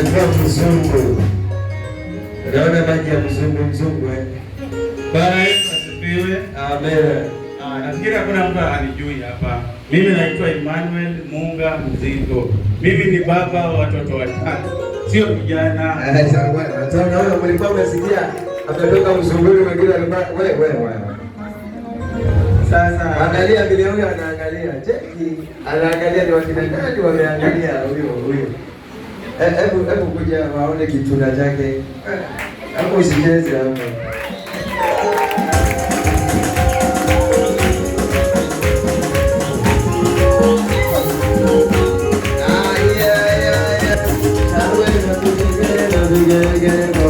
Unatoa mzungu, unaona maji ya mzungu mzungu. Eh. Bwana Yesu asifiwe, amen. Ah, nafikiri hakuna mtu anijui hapa. Mimi naitwa Emmanuel Munga Mzigo. Mimi ni baba wa watoto watatu, sio kijana. Mlikuwa eh, eh, mmesikia ametoka mzunguni, mwingine sasa angalia vile huyo anaangalia, cheki anaangalia, ni wakina nani wameangalia huyo huyo Eh, hebu hebu kuja waone kitunda chake hapo, eh, usicheze hapo.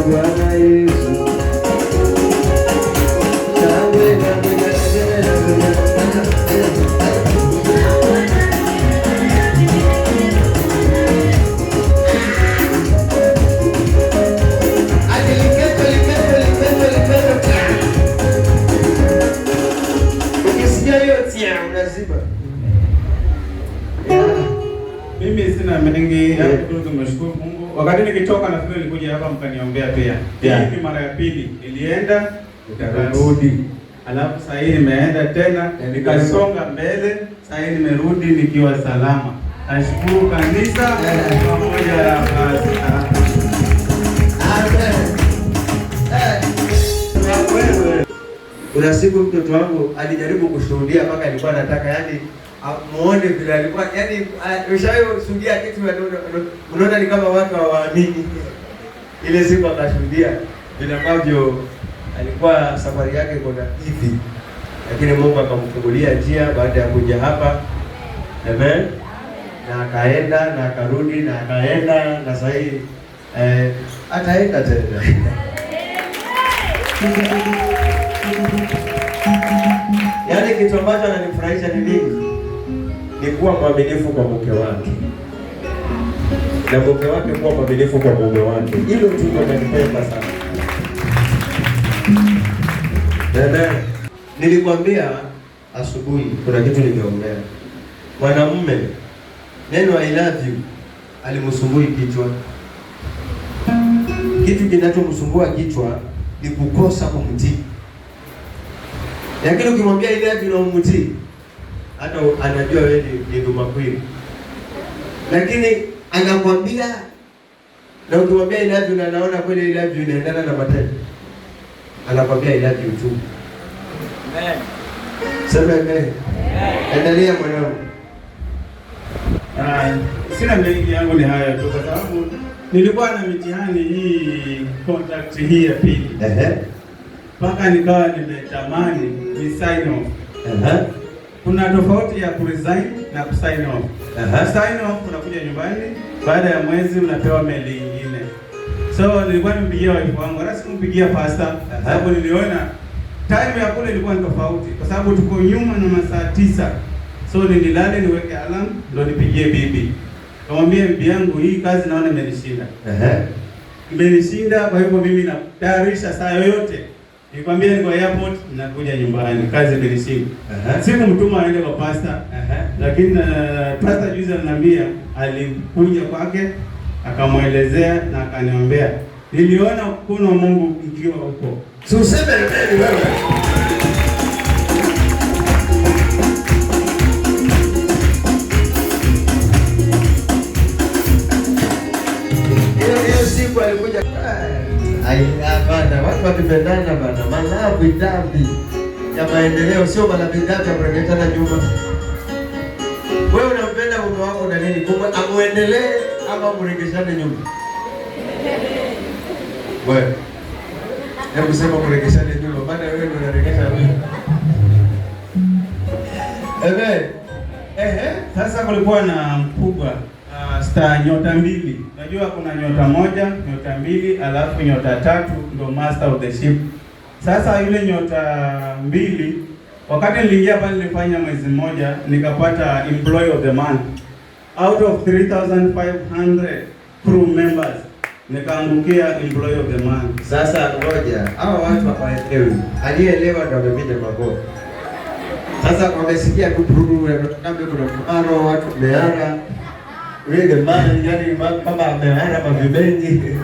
Bwana Yesu Mimi sina mengi yeah. Tumeshukuru Mungu. Wakati nikitoka na nafikiri nilikuja hapa mkaniombea pia yeah. Hii mara ya pili ilienda nikarudi, alafu sasa hii nimeenda tena eh, nikasonga mbele, sasa hii nimerudi nikiwa salama. Nashukuru kanisa eh. pamoja na eh. kuna siku mtoto wangu alijaribu kushuhudia mpaka alikuwa anataka yani muone vile alikuwa yaani, ah, ushaishuhudia kitu unaona ni kama watu hawaamini. Ile siku akashuhudia vile ambavyo alikuwa safari yake kona hivi, lakini Mungu akamfungulia njia baada ya kuja hapa. Amen, na akaenda na akarudi na akaenda na sahi eh, ataenda tena yaani kitu ambacho ananifurahisha ni nini? ni kuwa mwaminifu kwa mke wake na mke wake kuwa mwaminifu kwa mume wake. Hilo tu nalipenda sana dada. Nilikwambia asubuhi kuna kitu nimeongea. Mwanamume neno I love you alimsumbui kichwa. Kitu kinachomsumbua kichwa ni kukosa kumtii, lakini ukimwambia I love you na umtii hata anajua wewe ni dhumakwili, lakini anakwambia na ukimwambia I love you na naona kweli I love you inaendana na matendo, anakwambia I love you tu. Amen. Sema amen. Endelea mwanangu. Ah, sina mengi yangu ni haya tu kwa sababu nilikuwa na mitihani hii contract hii ya pili. Ehe. Mpaka nikawa nimetamani ni sign off. Ehe kuna tofauti ya kuresign na kusign off. -huh. Sign off unakuja nyumbani, baada ya mwezi unapewa meli nyingine. So nilikuwa nimpigia wife wangu, hata sikumpigia -huh. sababu niliona time ya kule ilikuwa ni tofauti, kwa sababu tuko nyuma na masaa tisa. So nililale niweke alarm ndio nipigie bibi, kamwambia bibi yangu, hii kazi naona imenishinda, imenishinda. Kwa hivyo mimi natayarisha saa yoyote Nikwambia niko airport nakuja nyumbani mm. kazi ndio simu Uh-huh. Siku mtuma aende kwa pasta. Uh-huh. Lakini uh, pasta juzi ananiambia alikuja kwake akamwelezea na akaniombea. Niliona kuna Mungu ikiwa huko. Tuseme wewe. maendeleo, sio mara mbili tatu apelekana nyuma. Wewe unampenda mume wako na nini? Kumbe amuendelee ama mregeshane nyuma? Wewe hebu sema mregeshane nyuma, maana wewe ndio unarekesha mimi. Ehe, ehe. Sasa kulikuwa na mkubwa ah, Star nyota mbili. Unajua kuna nyota moja, nyota mbili, alafu nyota tatu, ndo master of the ship sasa ile nyota mbili, wakati niliingia pale nilifanya mwezi mmoja, nikapata employee of the month out of 3500 crew members nikaangukia employee of the month. Sasa ngoja hao watu hawaelewi, aliyeelewa ndio amepiga mabomu. Sasa wamesikia tu buru kuna maro watu meara wege mali, yani mama ameara mavibengi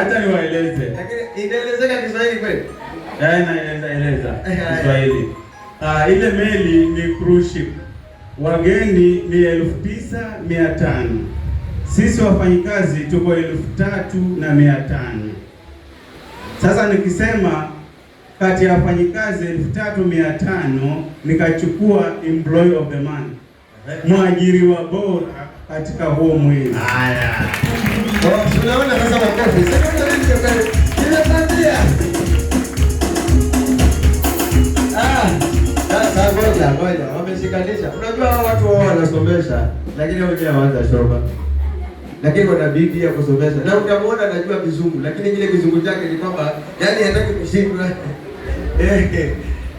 Acha niwaeleze. Lakini inaelezeka Kiswahili kweli? Eh, naeleza eleza Kiswahili. Ah, ile meli ni cruise ship. Wageni ni elfu tisa mia tano. Sisi wafanyikazi tuko elfu tatu na mia tano. Sasa nikisema kati ya wafanyikazi elfu tatu mia tano nikachukua employee of the month, mwajiri wa bora katika huo mwezi. Haya. Tunaona wameshikanisha. Unajua hao watu wao wanasomesha, lakini wenyewe lakini wana bidii ya kusomesha, na utamwona anajua vizungu lakini kile kizungu chake ni kwamba yaani hataki kushindwa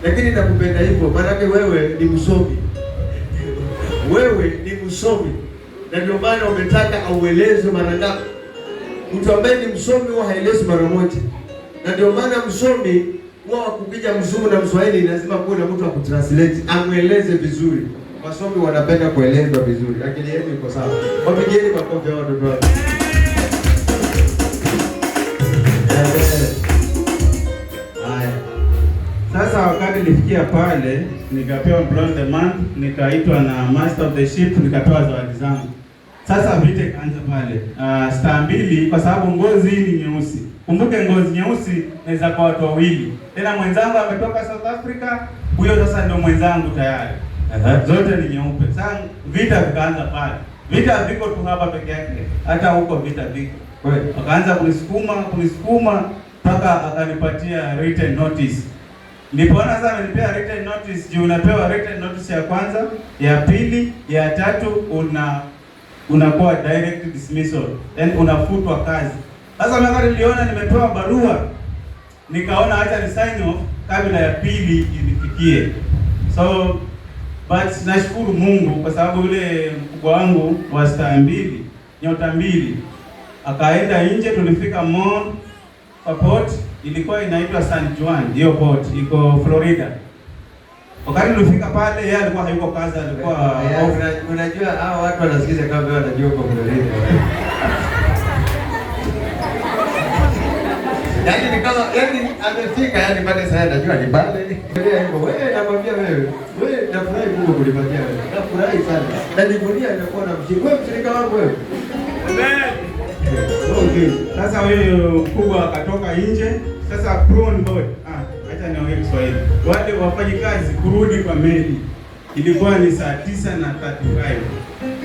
lakini nakupenda hivyo, maanake wewe ni msomi, wewe ni msomi na ndio maana umetaka auelezwe mara ngapi? Mtu ambaye ni msomi huwa haelezi mara moja, na ndio maana msomi huwa wakupija mzungu na mswahili lazima kuwe na mtu akutranslate amweleze vizuri. Wasomi wanapenda kuelezwa vizuri. lakini yenu iko sawa? Wapigeni makofi hao watoto wangu. sasa wakati nilifikia pale nikapewa Blonde Man, nikaitwa na Master of the Ship, nikapewa zawadi zangu sasa vita ikaanza pale uh, ah, staa mbili, kwa sababu ngozi hii ni nyeusi. Kumbuke ngozi nyeusi inaweza kwa watu wawili, tena mwenzangu ametoka South Africa, huyo sasa ndio mwenzangu tayari. uh -huh. Zote ni nyeupe. Sasa vita vikaanza pale. Vita viko tu hapa peke yake, hata huko vita viko. Wakaanza kunisukuma kunisukuma mpaka akanipatia written notice. Nilipoona sasa amenipea written notice, juu unapewa written notice ya kwanza, ya pili, ya tatu una unakuwa direct dismissal, then unafutwa kazi. Sasa mimi wakati niliona nimepewa barua, nikaona acha ni sign off kabla ya pili inifikie. So but nashukuru Mungu kwa sababu yule mkubwa wangu wa staa mbili nyota mbili akaenda nje, tulifika mall kwa port ilikuwa inaitwa San Juan, hiyo port iko Florida. Wakati ulifika pale yeye alikuwa hayuko kazi, alikuwa eh, eh, unajua hao watu wanasikiza kama wanajua kwa mgolini. Yaani ni kama yaani amefika yaani pale sasa anajua ni pale. Ndio hivyo wewe nakwambia wewe. Wewe nafurahi Mungu kulipatia wewe. Nafurahi sana. Na nivunia imekuwa na mshiriki. Wewe mshirika wangu wewe. Amen. Eh, okay. Sasa huyu kubwa akatoka nje. Sasa prone boy wewe Kiswahili. Wale kazi kurudi kwa meli ilikuwa ni saa tisa na 35.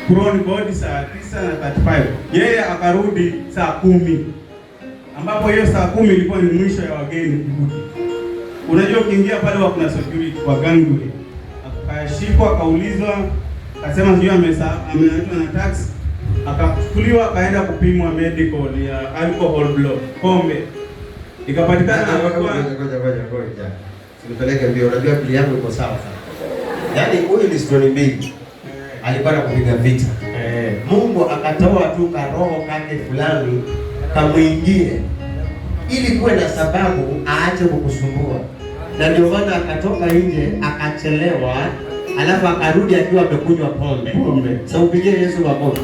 Crown bodi saa tisa na 35. Yeye akarudi saa kumi ambapo hiyo saa kumi ilikuwa ni mwisho ya wageni kurudi. Unajua, ukiingia pale kuna security kwa gangway. Akashikwa, akaulizwa, akasema sijui amenyanyuliwa na taxi akachukuliwa akaenda kupimwa medical ya alcohol blood, pombe Ikapatikana ngoja ngoja Sikupeleke mbio, unajua pili yangu iko sawa sana. Yaani huyu ni stoni mbili. Eh. Alikuwa kupiga vita. Eh. Mungu akatoa tu karoho kake fulani kamwingie ili kuwe na sababu aache kukusumbua. Na ndio maana akatoka nje akachelewa, alafu akarudi akiwa amekunywa pombe. Pombe. Sasa upigie Yesu makofi.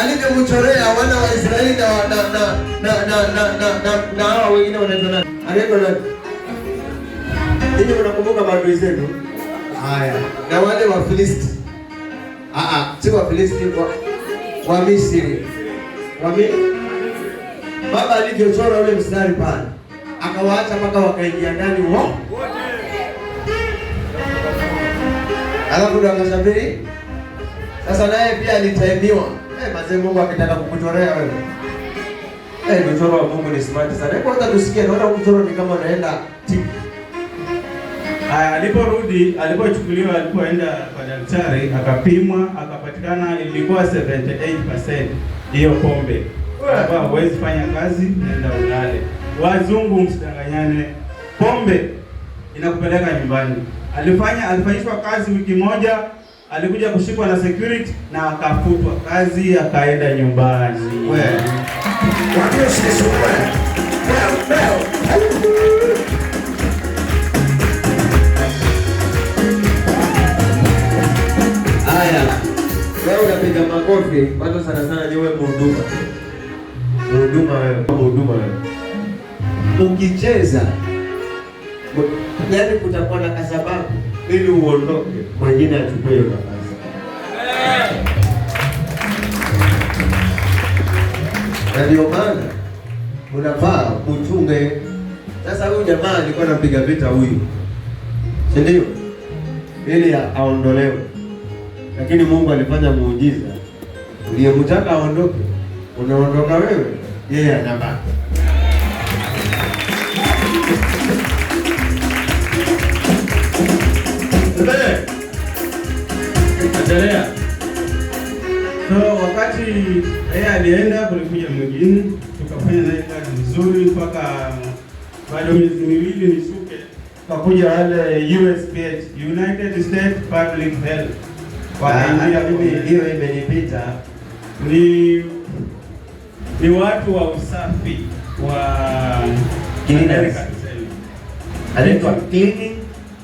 alivyomchorea wana wa Israeli na na na na na na hao wengine wanaitwa nani? Anaitwa nani? Ninyi mnakumbuka maadui zenu? Haya. Na wale wa Filisti. Ah ah, si wa Filisti wa wa Misri. Wa Misri. Baba alivyochora ule mstari pale. Akawaacha mpaka wakaingia ndani wao. Alafu ndo akasafiri. Sasa naye pia alitaimiwa. Eh, mazee, Mungu akitaka kukuchorea wewe. Eh, mchoro wa Mungu ni smart sana. Hebu hata tusikie, naona mchoro ni kama unaenda tip. Haya, aliporudi alipochukuliwa, alipoenda kwa daktari akapimwa, akapatikana ilikuwa 78% hiyo pombe. Kwa huwezi fanya kazi, nenda ulale. Wazungu msidanganyane, pombe inakupeleka nyumbani. Alifanya alifanyishwa kazi wiki moja alikuja kushikwa na security na akafutwa kazi, akaenda nyumbani. Haya, wewe unapiga makofi watu sana sana, ni wewe mhuduma, mhuduma wewe, mhuduma wewe ukicheza, yaani kutakuwa na kasababu ili uondoke, mwingine achukue hiyo nafasi. Na ndio maana unafaa kuchunge. Sasa huyu jamaa alikuwa anampiga vita huyu, si ndio? Ili aondolewe, lakini Mungu alifanya muujiza. Uliyemtaka aondoke, unaondoka wewe, yeye anabaki. Tuendelee, endelea. So wakati yeye alienda, kulikuja mwingine, tukafanya naye kazi vizuri mpaka bado miezi miwili nisuke, tukakuja wale USPH, United States Public Health. Ah, hiyo imenipita ni ni watu wa usafi wa cleaners, anaitwa cleaning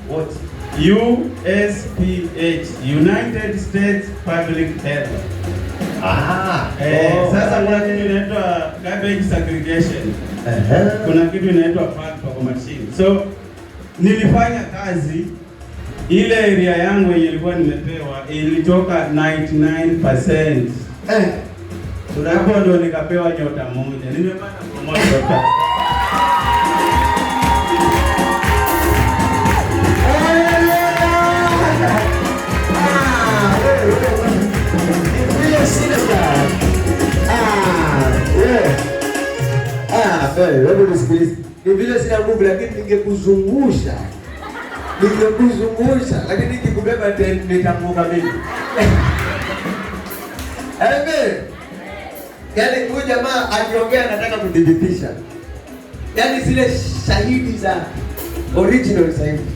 wote USPH, United States Public Health. Ah, eh, oh, sasa kuna kitu inaitwa garbage segregation. Kuna kitu inaitwa factor machine. So nilifanya kazi ile area yangu yenye ilikuwa nimepewa ilitoka 99%. Eh. Tunapo ndio nikapewa nyota moja. Nimepata promotion. Rafael, hebu nisikilize. Ni vile sina nguvu lakini ningekuzungusha. Ningekuzungusha lakini nikikubeba nitaanguka mimi. Amen. Yaani huyu jamaa akiongea anataka kudhibitisha. Yaani zile shahidi za original shahidi.